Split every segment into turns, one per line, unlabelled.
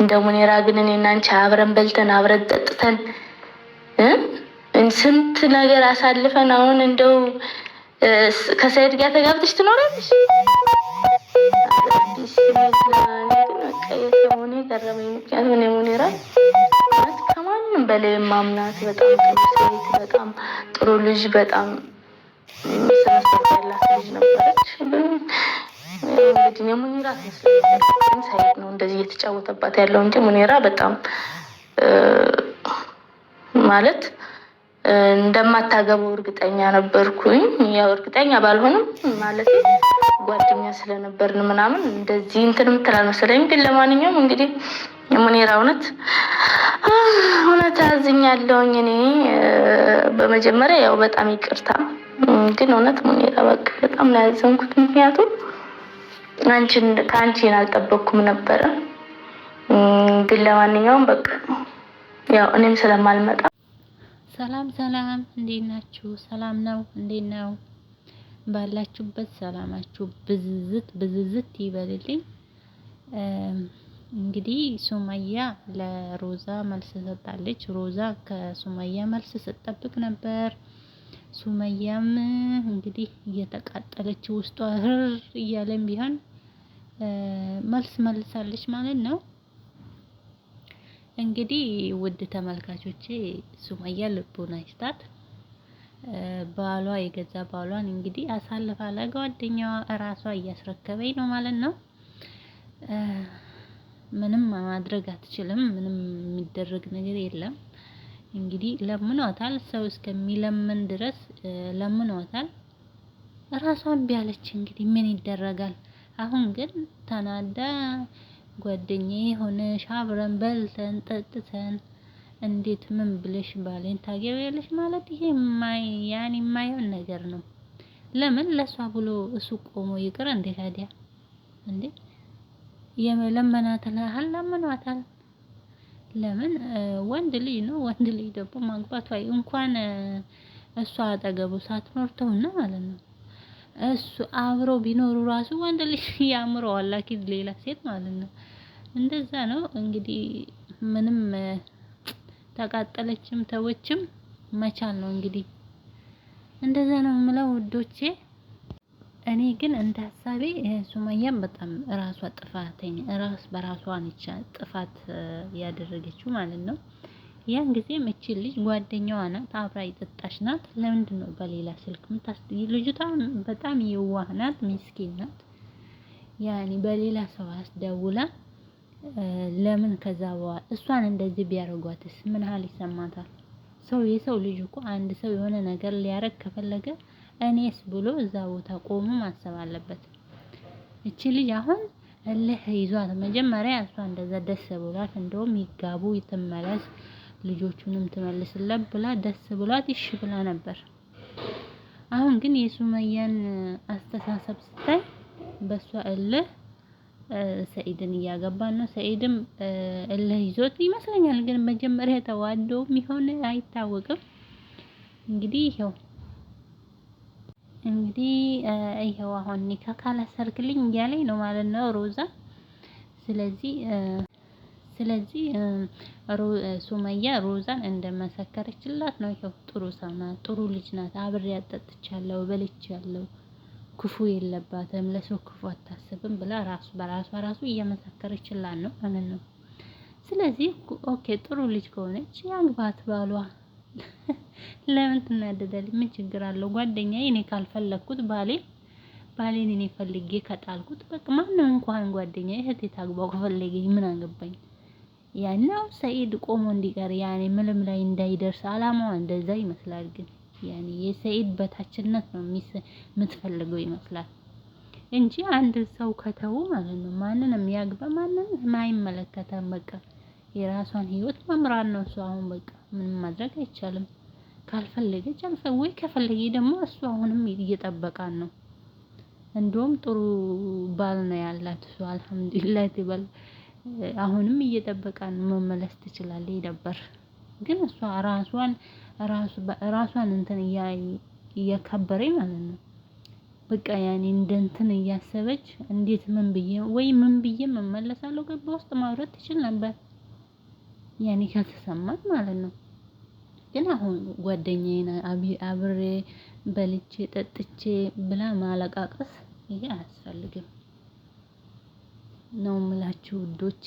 እንደ ሙኔራ ግን እኔ እናንቺ አብረን በልተን አብረን ጠጥተን ስንት ነገር አሳልፈን አሁን እንደው ከሰይድ ጋር ተጋብተሽ ትኖራለሽ። ሆነ ምክንያቱም ሙኔራ ከማንም በላይ ማምናት በጣም ጥሩ ሴት፣ በጣም ጥሩ ልጅ፣ በጣም ስነስርዓት ልጅ ነበረች። እንግዲህ የሙኒራ ሳይድ ነው እንደዚህ እየተጫወተባት ያለው እንጂ ሙኒራ በጣም ማለት እንደማታገባው እርግጠኛ ነበርኩኝ። ያው እርግጠኛ ባልሆንም ማለት ጓደኛ ስለነበርን ምናምን እንደዚህ እንትን የምትል አልመሰለኝም። ግን ለማንኛውም እንግዲህ የሙኒራ እውነት እውነት አዝኛለሁኝ እኔ በመጀመሪያ ያው በጣም ይቅርታ ግን እውነት ሙኒራ በቃ በጣም ነው ያዘንኩት ምክንያቱም አንቺን ከአንቺን አልጠበቅኩም ነበረ። ግን ለማንኛውም በቃ ያው እኔም ስለማልመጣ
ሰላም ሰላም፣ እንዴት ናችሁ? ሰላም ነው? እንዴት ነው? ባላችሁበት ሰላማችሁ ብዝዝት ብዝዝት ይበልልኝ። እንግዲህ ሱማያ ለሮዛ መልስ ሰጣለች። ሮዛ ከሱማያ መልስ ስጠብቅ ነበር። ሱመያም እንግዲህ እየተቃጠለች ውስጧ ህር እያለም ቢሆን መልስ መልሳለች ማለት ነው። እንግዲህ ውድ ተመልካቾቼ ሱመያ ልቦና ይስጣት። ባሏ የገዛ ባሏን እንግዲህ አሳልፋ ለጓደኛዋ እራሷ እያስረከበኝ ነው ማለት ነው። ምንም ማድረግ አትችልም። ምንም የሚደረግ ነገር የለም። እንግዲህ ለምኗታል። ሰው እስከሚለምን ድረስ ለምኗታል። እራሷን ቢያለች እንግዲህ ምን ይደረጋል። አሁን ግን ተናዳ ጓደኛ ሆነሽ አብረን በልተን ጠጥተን እንዴት ምን ብለሽ ባሌን ታገቢያለሽ ማለት ይሄ ማይ ያን የማይሆን ነገር ነው። ለምን ለሷ ብሎ እሱ ቆሞ ይቅር እንዴ ታዲያ እንዴ የለመናት ለሀላ ለምን ወንድ ልጅ ነው። ወንድ ልጅ ደግሞ ማግባቷ እንኳን እሷ አጠገቡ ሳትኖር ተውና ማለት ነው እሱ አብረው ቢኖሩ ራሱ ወንድ ልጅ ያምረዋል፣ አላኪ ሌላ ሴት ማለት ነው። እንደዛ ነው እንግዲህ ምንም ተቃጠለችም ተወችም መቻል ነው እንግዲህ እንደዛ ነው የምለው ውዶቼ። እኔ ግን እንደ ሀሳቤ ሱመያም በጣም ራሷ ጥፋተኝ ራስ በራሷ ነች ጥፋት ያደረገችው ማለት ነው። ያን ጊዜ እቺ ልጅ ጓደኛዋ ናት፣ አብራ የጠጣች ናት። ለምንድን ነው በሌላ ስልክ ምታስ ልጅቷ በጣም የዋህ ናት፣ ምስኪን ናት። ያኔ በሌላ ሰው አስደውላ ለምን ከዛ በኋላ እሷን እንደዚህ ቢያደርጓትስ ምን ያህል ይሰማታል? ሰው የሰው ልጅ እኮ አንድ ሰው የሆነ ነገር ሊያረግ ከፈለገ እኔስ ብሎ እዛ ቦታ ቆሞ ማሰብ አለበት። እቺ ልጅ አሁን እልህ ይዟት መጀመሪያ እሷ እንደዛ ደስ ብሏት እንደውም ይጋቡ ይትመለስ ልጆቹንም ትመልስለት ብላ ደስ ብሏት ይሽ ብላ ነበር። አሁን ግን የሱመያን አስተሳሰብ ስታይ በሷ እልህ ሰኢድን እያገባ ነው። ሰኢድም እልህ ይዞት ይመስለኛል። ግን መጀመሪያ ተዋደውም ይሆን አይታወቅም። እንግዲህ ይኸው እንግዲህ ይሄው አሁን ኒካ ካላሰርክልኝ እያለኝ ነው ማለት ነው ሮዛ። ስለዚህ ስለዚህ ሱመያ ሮዛን እንደመሰከረችላት ነው። ይሄው ጥሩ ሰው ናት፣ ጥሩ ልጅ ናት። አብሬ አጠጥቻለሁ፣ በልቻለሁ፣ ክፉ የለባትም፣ ለሰው ክፉ አታስብም ብላ ራሱ በራሷ ራሱ እየመሰከረችላት ነው ማለት ነው። ስለዚህ ኦኬ ጥሩ ልጅ ከሆነች ያግባት ባሏ ለምን ትናደዳል? ምን ችግር አለው? ጓደኛ እኔ ካልፈለግኩት ባሌ ባሌን እኔ ፈልጌ ከጣልኩት በቃ ማንም እንኳን ጓደኛ እህቴ ታግባው ከፈለገኝ ምን አገባኝ? ያናው ሰኢድ ቆሞ እንዲቀር ያኔ ምንም ላይ እንዳይደርስ አላማዋ እንደዛ ይመስላል። ግን ያኔ የሰኢድ በታችነት ነው የምትፈልገው ይመስላል እንጂ አንድ ሰው ከተው ማለት ነው ማንንም ያግባ ማንንም አይመለከተም። በቃ የራሷን ህይወት መምራት ነው እሱ አሁን በቃ ምንም ማድረግ አይቻልም። ካልፈለገች አልፈ ወይ ከፈለገ ደግሞ እሱ አሁንም እየጠበቃን ነው። እንዲሁም ጥሩ ባል ነው ያላት እሱ አልሐምዱሊላህ ትበል። አሁንም እየጠበቃን መመለስ ትችላለች ነበር፣ ግን እሷ ራሷን ራሷን እንትን እያከበረ ማለት ነው። በቃ ያኔ እንደ እንትን እያሰበች እንዴት ምን ብዬ ወይ ምን ብዬ መመለሳለሁ ገባ ውስጥ ማውራት ትችል ነበር ያኔ ካልተሰማት ማለት ነው። ግን አሁን ጓደኛዬን አብሬ በልቼ ጠጥቼ ብላ ማለቃቀስ ይሄ አያስፈልግም ነው የምላችሁ ውዶቼ።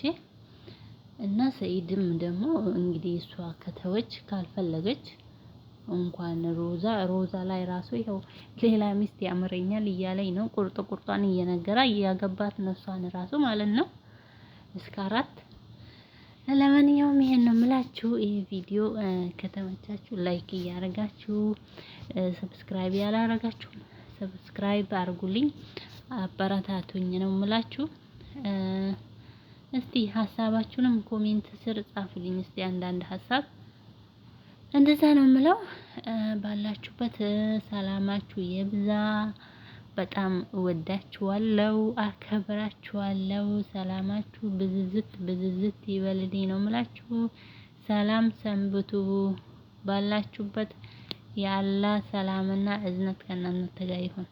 እና ሰኢድም ደግሞ እንግዲህ እሷ ከተወች ካልፈለገች እንኳን ሮዛ ሮዛ ላይ ራሱ ይኸው ሌላ ሚስት ያምረኛል እያለኝ ነው። ቁርጥ ቁርጧን እየነገራ እያገባት ነፍሷን ራሱ ማለት ነው እስከ አራት ለማንኛውም ይሄን ነው የምላችሁ። ይሄ ቪዲዮ ከተመቻችሁ ላይክ እያደረጋችሁ ሰብስክራይብ ያላረጋችሁ ሰብስክራይብ አርጉልኝ፣ አበረታቱኝ ነው የምላችሁ። እስቲ ሀሳባችሁንም ኮሜንት ስር ጻፉልኝ። እስቲ አንዳንድ ሀሳብ እንደዛ ነው የምለው። ባላችሁበት ሰላማችሁ የብዛ። በጣም እወዳችኋለሁ፣ አከብራችኋለሁ። ሰላማችሁ ብዝዝት ብዝዝት ይበልልኝ ነው የምላችሁ። ሰላም ሰንብቱ። ባላችሁበት የአላህ ሰላምና እዝነት ከእናንተ ጋር ይሁን።